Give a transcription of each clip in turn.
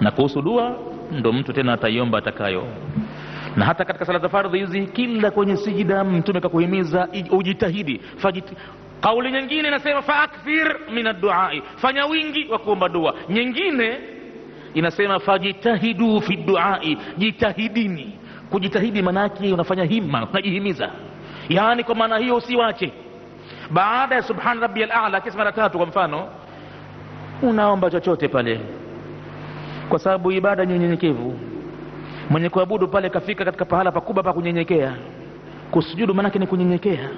na kuhusu dua ndo mtu tena ataiomba atakayo na hata katika sala za fardhi hizi kila kwenye sijida mtume kakuhimiza ujitahidi fajit kauli nyingine inasema faakthir min adduai fanya wingi wa kuomba dua nyingine inasema fajitahidu fi duai jitahidini kujitahidi yake unafanya hima unajihimiza yaani kwa maana hiyo usiwache baada ya subhan rabbi alala kisema mara tatu kwa mfano unaomba chochote pale kwa sababu ibada ni unyenyekevu mwenye kuabudu pale kafika katika pahala pakubwa pa kunyenyekea kusujudu maanake ni kunyenyekea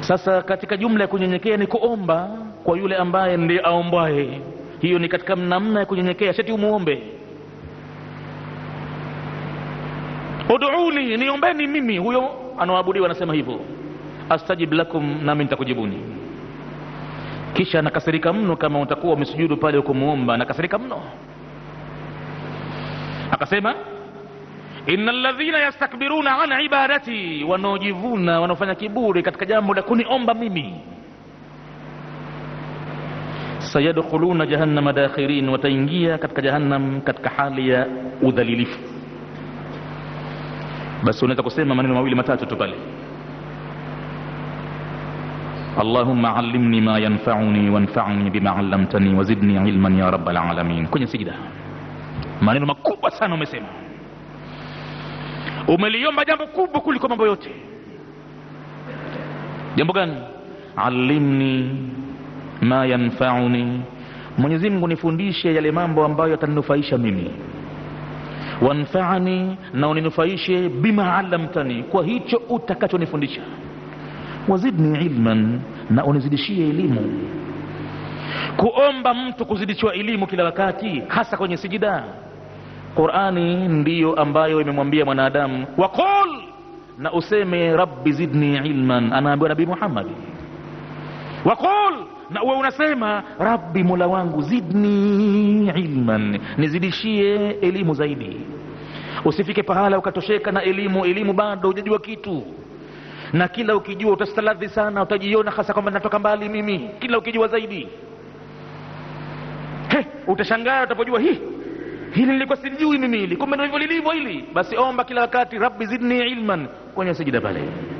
sasa katika jumla ya kunyenyekea ni kuomba kwa yule ambaye ndiye aombaye hiyo ni katika namna ya kunyenyekea sheti umuombe uduuni niombeni mimi huyo anaoabudiwa anasema hivyo astajib lakum nami nitakujibuni kisha nakasirika mno kama utakuwa umesujudu pale ukumuomba nakasirika mno akasema inna alladhina yastakbiruna an ibadati wanaojivuna wanaofanya kiburi katika jambo la kuniomba mimi sayadkhuluna jahannama dakhirin wataingia katika jahannam katika hali ya udhalilifu basi unaweza kusema maneno mawili matatu tu pale اللهم علمني ما ينفعني وانفعني بما علمتني wazidni ilman ya rabbal alamin kwenye sijida maneno makubwa sana umesema umeliomba jambo kubwa kuliko mambo yote jambo gani allimni ma yanfauni mwenyezi mungu nifundishe yale mambo ambayo yataninufaisha mimi wanfaani na uninufaishe bima alamtani kwa hicho utakachonifundisha wazidni ilman, na unizidishie elimu. Kuomba mtu kuzidishiwa elimu kila wakati, hasa kwenye sijida. Qurani ndiyo ambayo imemwambia mwanadamu waqul, na useme rabbi zidni ilman, anaambiwa Nabii Muhammad. Waqul, na uwe unasema rabbi, mola wangu, zidni ilman, nizidishie elimu zaidi. Usifike pahala ukatosheka na elimu, elimu bado hujajua kitu na kila ukijua utastaladhi sana, utajiona hasa kwamba natoka mbali mimi, kila ukijua zaidi. He, utashangaa utapojua hii hili nilikuwa sijui mimi, hili kumbe hivyo lilivyo hili. Basi omba kila wakati, rabbi zidni ilman, kwenye sijida pale.